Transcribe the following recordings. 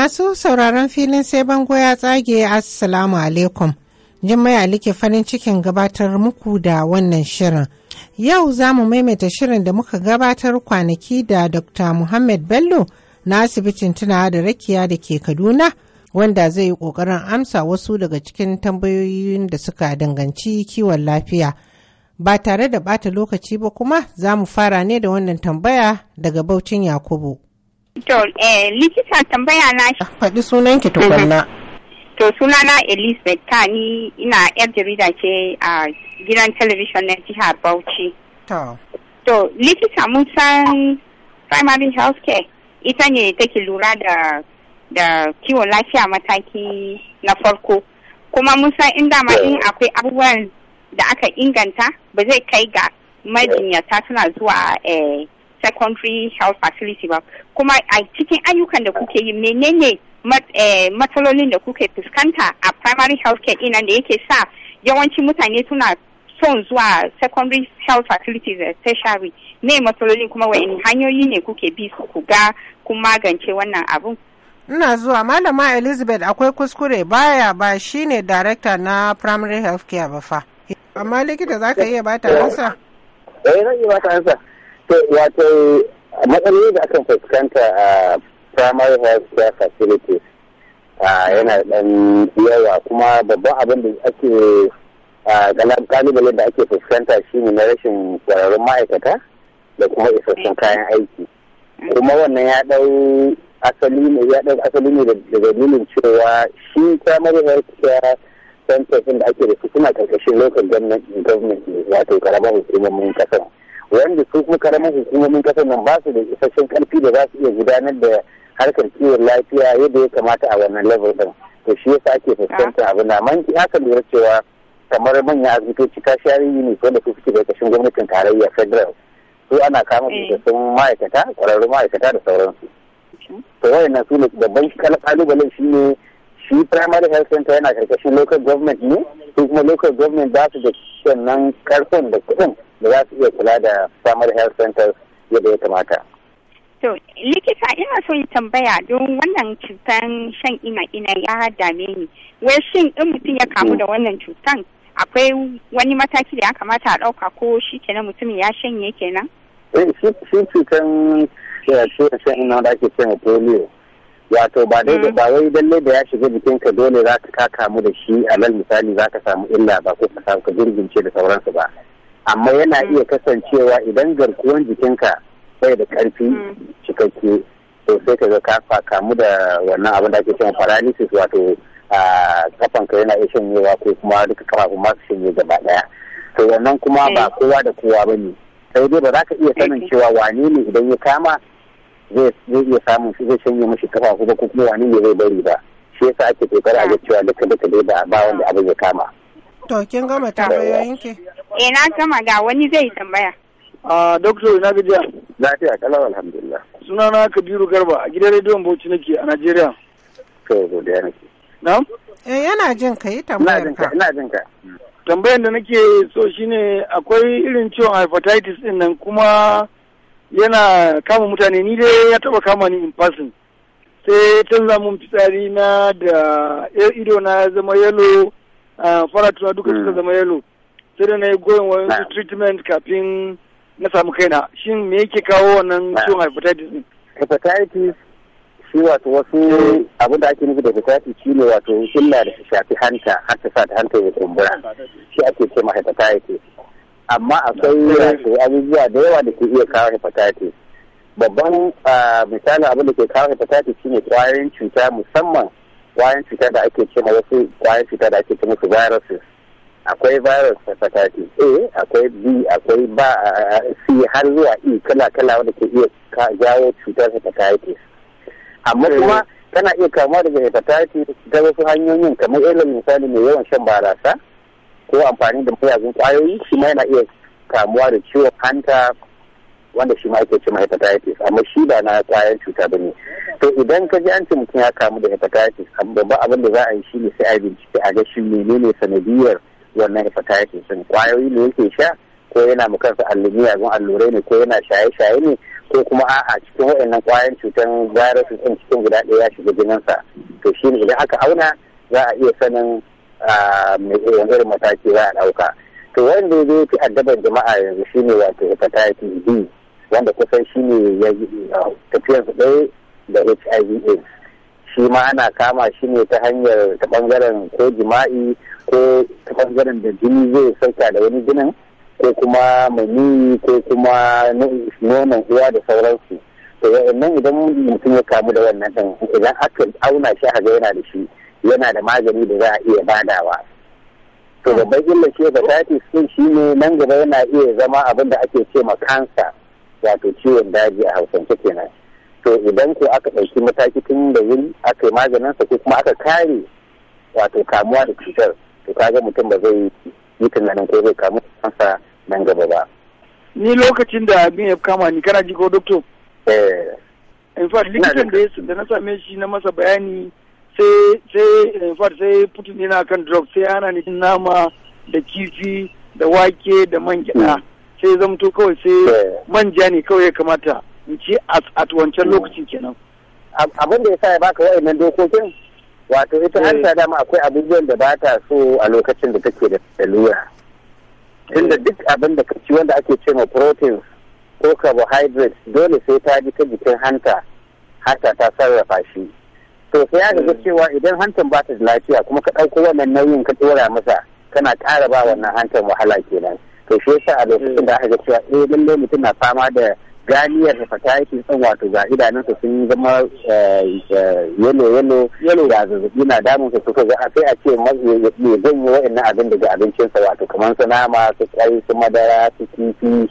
Masu sauraron filin sai bango ya tsage Assalamu alaikum. Jummai like farin cikin gabatar muku da wannan shirin. Yau za mu maimaita shirin da muka gabatar kwanaki da Dr. Muhammad Bello na asibitin tunawa da rakiya da ke Kaduna wanda zai yi ƙoƙarin amsa wasu daga cikin tambayoyin da suka danganci kiwon lafiya. Ba tare da bata lokaci ba kuma za mu fara ne da wannan tambaya daga Baucin Yakubu. To, eh, likita tambaya na shi. Ah, faɗi sunan ki tukunna. To, sunana Elizabeth ta ni ina yar jarida ce a gidan talabijin na jihar Bauchi. To. To, likita mun san primary health care ita ne take lura da da kiwon lafiya mataki na farko. Kuma mun san inda ma in akwai abubuwan da aka inganta ba zai kai ga majinyata suna zuwa eh, secondary health facility ba kuma a cikin ayyukan da kuke yi menene eh, matsalolin da kuke fuskanta a primary health care ina da yake sa yawancin mutane suna son zuwa secondary health facilities da tertiary ne matsalolin kuma wa'in hanyoyi ne kuke bi su ku ga kun magance wannan abun ina zuwa malama elizabeth akwai kuskure baya ba shine director na primary health care ba fa amma likita za ka iya bata ansa? Eh, zan iya bata ansa. wato matsaloli da akan fuskanta a primary health care facilities yana dan yawa kuma babban abin da ake kalubalen da ake fuskanta shine na rashin kwararrun ma'aikata da kuma isassun kayan aiki kuma wannan ya dau asali ne ya dau asali ne da dalilin cewa shi primary health care centers da ake da su suna karkashin local government wato karamar hukumomin kasar wanda su kuma karamin hukumomin kasar nan ba su da isasshen karfi da za su iya gudanar da harkar kiwon lafiya yadda ya kamata a wannan level din to shi yasa ake fuskantar abu na man aka lura cewa kamar manyan asibitoci kashiyariyi ne wanda su fice da kashin gwamnatin tarayya federal su ana kama su eh. ma'aikata kwararru ma'aikata da sauransu to wayannan su ne babban kalubalen shi ne shi primary health center yana karkashin local government ne su kuma local government ba su da sannan karfin da kuɗin da za su iya kula da primary health centers yadda ya kamata. To likita ina so yi tambaya don wannan cutan shan ina ina ya dame ni. Wai shin in mutum ya kamu da wannan cutan akwai wani mataki da ya kamata a ɗauka ko shi kenan mutumin ya shanye kenan? Eh, shi cutan shan ina da ake shan polio. Wato ba dai mm. ba wai dalle da ya shiga jikinka dole za ka kamu da shi alal misali za ka samu illa ba ko ka samu ka jirgince da sauransu ba. amma yana mm. iya kasancewa idan garkuwan jikinka bai da karfi mm. cikakke to sai ka ga ka kamu da wannan abin da ake cewa paralysis wato kafanka yana iya shanyewa ko kuma duka kafafu masu shanye gaba daya to wannan kuma ba eh. kowa da kowa ba sai dai ba za ka iya sanin eh, eh. cewa wane ne idan ya kama zai iya samun shi zai shanye mashi kafafu ba ko kuma wane ne zai bari ba shi yasa ake kokari a ga ah. cewa da kada da ba wanda abin ya kama to kin gama tambayoyin ke Eh na gama ga wani zai tambaya. A ah, doktor ina gajiya. Lafiya kalau alhamdulillah. Sunana Kabiru Garba a gidan rediyon Bauchi nake a Najeriya. To godiya nake. na Eh yana jin ka yi tambayar ka. Ina jin ka. Hmm. Tambayar da nake so shine akwai irin ciwon hepatitis din nan kuma yana kama mutane ni dai ya taba kama ni in fasin. Sai canza mun fitsari na da ido na zama yalo ah, tuna duka suka hmm. zama yalo. sai da na yi goyon wani treatment kafin na samu kaina shin me yake kawo wannan ciwon hepatitis hepatitis shi wato wasu abin da ake nufi da hepatitis shi ne wato illa da shi shafi hanta har ta sa da hanta ya kumbura shi ake ce ma hepatitis amma akwai wato abubuwa da yawa da ke iya kawo hepatitis babban misali abin da ke kawo hepatitis shi ne kwayoyin cuta musamman kwayoyin cuta da ake ce ma wasu kwayoyin cuta da ake ce musu viruses akwai virus hepatitis a akwai b akwai ba c har zuwa e kala kala wanda ke iya jawo cutar hepatitis amma eh. kuma tana iya kamuwa daga hepatitis ta wasu hanyoyin kamar irin misali mai yawan shan barasa ko amfani da mayagun kwayoyi shi ma yana iya kamuwa da ciwon hanta wanda shi ma ake cima hepatitis amma shi ba na kwayan cuta ba ne to idan ka ji an ce mutum ya kamu da hepatitis babban abin da za a yi shi ne sai a bincike a ga shi menene sanadiyar wannan hepatitis din kwayoyi ne yake sha ko yana mu kansa allumiya gun allurai ne ko yana shaye-shaye ne ko kuma a'a cikin waɗannan kwayan cutan virus din cikin guda ɗaya ya shiga sa to shine idan aka auna za a iya sanin eh, wani irin mataki za a ɗauka to wanda ya zai fi addaban jama'a yanzu shine wato hepatitis B wanda kusan shine ya tafiyarsa ɗaya da HIV AIDS shi ma ana kama shi ne ta hanyar ta bangaren ko jima'i ko ta bangaren da jini zai sauka da wani jinin ko kuma maniyi ko kuma nonon uwa da sauransu to nan idan mutum ya kamu da wannan din idan aka auna shi haga yana da shi yana da magani da za a iya badawa to hmm. babban illar shi hepatitis sun shi ne nan gaba yana iya zama abin da ake ce ma kansa wato ciwon daji a hausance kenan to idan ko aka ɗauki mataki tun da wuri aka yi maganin sa ko kuma aka kare wato kamuwa da cutar to kaga mutum ba zai yi tunanin ko zai kamu kansa nan gaba ba ni lokacin da abin ya kama ni kana ji ko doctor eh in likitan da ya da na same shi na masa bayani sai sai in fact sai putin yana kan drug sai ana ni nama da kifi da wake da man gyada hmm. sai zamto kawai sai eh. manja ne kawai ya kamata ce a wancan hmm. lokaci. kenan abin da ya sa ya baka wa'annan dokokin wato ita hmm. an ta dama akwai abubuwan da ba ta so a lokacin da take da lura hmm. tunda duk abin da kaci wanda ake ce ma proteins ko carbohydrates dole sai ta ji ta jikin hanta hanta ta sarrafa shi to sai ya ga cewa idan hantan ba ta da lafiya kuma ka ɗauko wannan nauyin ka ɗora masa kana ƙara ba wannan hantan wahala kenan to shi yasa a lokacin da aka ga cewa eh lallai mutum na fama da ganiyar yake son wato ga idanunsa sun zama eh, eh, yalo yalo yalo da zazzabi na su suka ga sai a ce masu ya yi wa'annan abin daga abincinsa wato kamar su nama su kwai su madara su kifi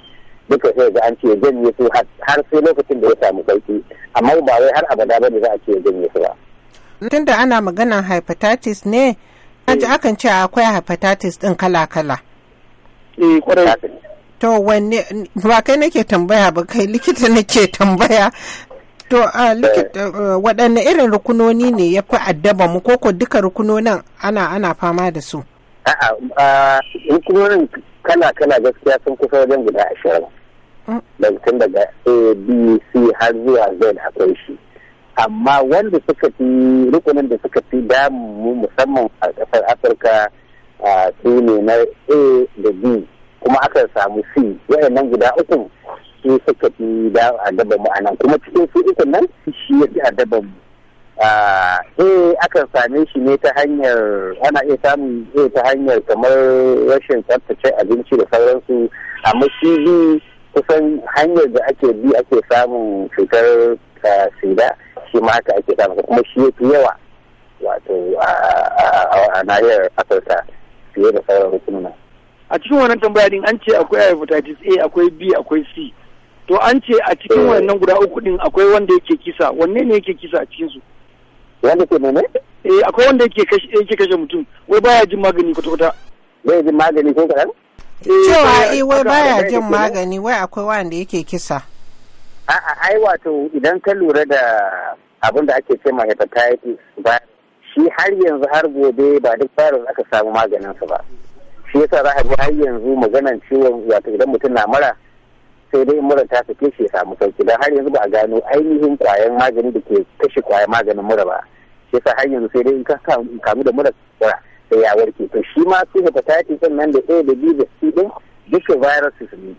duka sai ga an ce yi su har sai lokacin da ya samu sauki amma ba wai har abada ba ne za a ce yi su ba. tunda ana maganan hepatitis ne eh. akan ce akwai hepatitis din kala-kala. Eh, kwarai. To wanne ba kai nake tambaya ba kai likita nake tambaya. To a likita eh. uh, waɗanne irin rukunoni ne ya fi addaba mu koko duka rukunonin ana ana fama da su? A'a rukunonin kana kana gaskiya sun kusa wajen guda ashirin. Mm. Tun daga A, B, C har zuwa Z akwai shi. Amma wanda suka fi rukunin da suka fi damu musamman a kasar Afirka su ne na A da B. kuma aka samu wayan waɗannan guda uku su suka fi da addaba mu nan kuma cikin su uku nan shi ya fi addaba mu eh aka same shi ne ta hanyar ana iya samun eh ta hanyar kamar rashin tsaftace abinci da sauransu amma shi bi kusan hanyar da ake bi ake samun cutar sida shi ma haka ake samun kuma shi ya yawa wato a nahiyar afirka fiye da sauran hukumar a cikin wannan tambaya din an ce akwai hepatitis A akwai B akwai C to an ce a cikin eh. wannan guda uku din akwai wanda yake kisa wanne ne yake kisa a cikin su wanda ke mene eh akwai wanda yake kashe yake kashe mutum wai baya jin magani kwata kwata bai jin magani ko kadan eh, cewa eh wai baya jin magani wai akwai wanda yake kisa a'a ai wato idan ka lura da abin da ake ce ma hepatitis ba shi har yanzu har gobe ba duk virus aka samu maganin sa ba shi yasa za a ga har yanzu maganan ciwon wato idan mutum na mara sai dai mura ta sake shi ya samu sauki dan har yanzu ba a gano ainihin kwayan maganin da ke kashe kwayan maganin mura ba shi yasa har yanzu sai dai in ka kamu da mura sai ya warke to shi ma su hepatitis din nan da A da B da C din duka viruses ne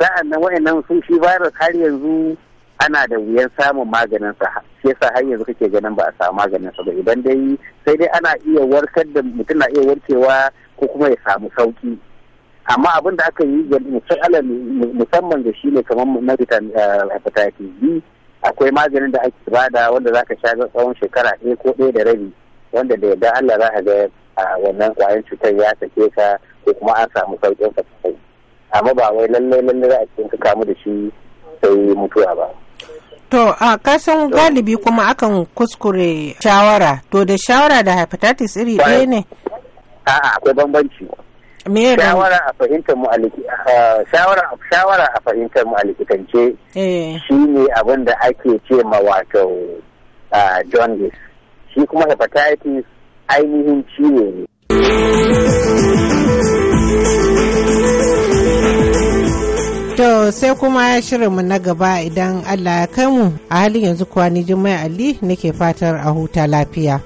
sa'an nan wa'annan sun shi virus har yanzu ana da wuyan samun maganin sa shi yasa har yanzu kake ganin ba a samu maganin sa ba idan dai sai dai ana iya warkar da mutum na iya warkewa ko kuma ya samu sauki amma abin da aka yi musamman da shi ne kamar na eh, hepatitis b akwai maganin da ake bada wanda za ka sha tsawon shekara ɗaya ko ɗaya da rabi wanda da yadda allah za a ga wannan kwayan cutar ya sake ka ko kuma an samu sauƙin sosai amma ba wai lallai lallai za a cikin ka kamu da shi sai mutuwa ba. To a kasan galibi kuma akan kuskure shawara to da shawara da hepatitis iri ɗaya ne. a'a akwai bambanci shawara a fahimtar mu shawara a fahimtar mu a likitance eh. shine abin da ake ce ma wato jaundice shi kuma hepatitis ainihin ciwo ne To sai kuma shirinmu na gaba idan Allah ya kai mu a halin yanzu kuwa ni Jummai Ali nake fatar a huta lafiya.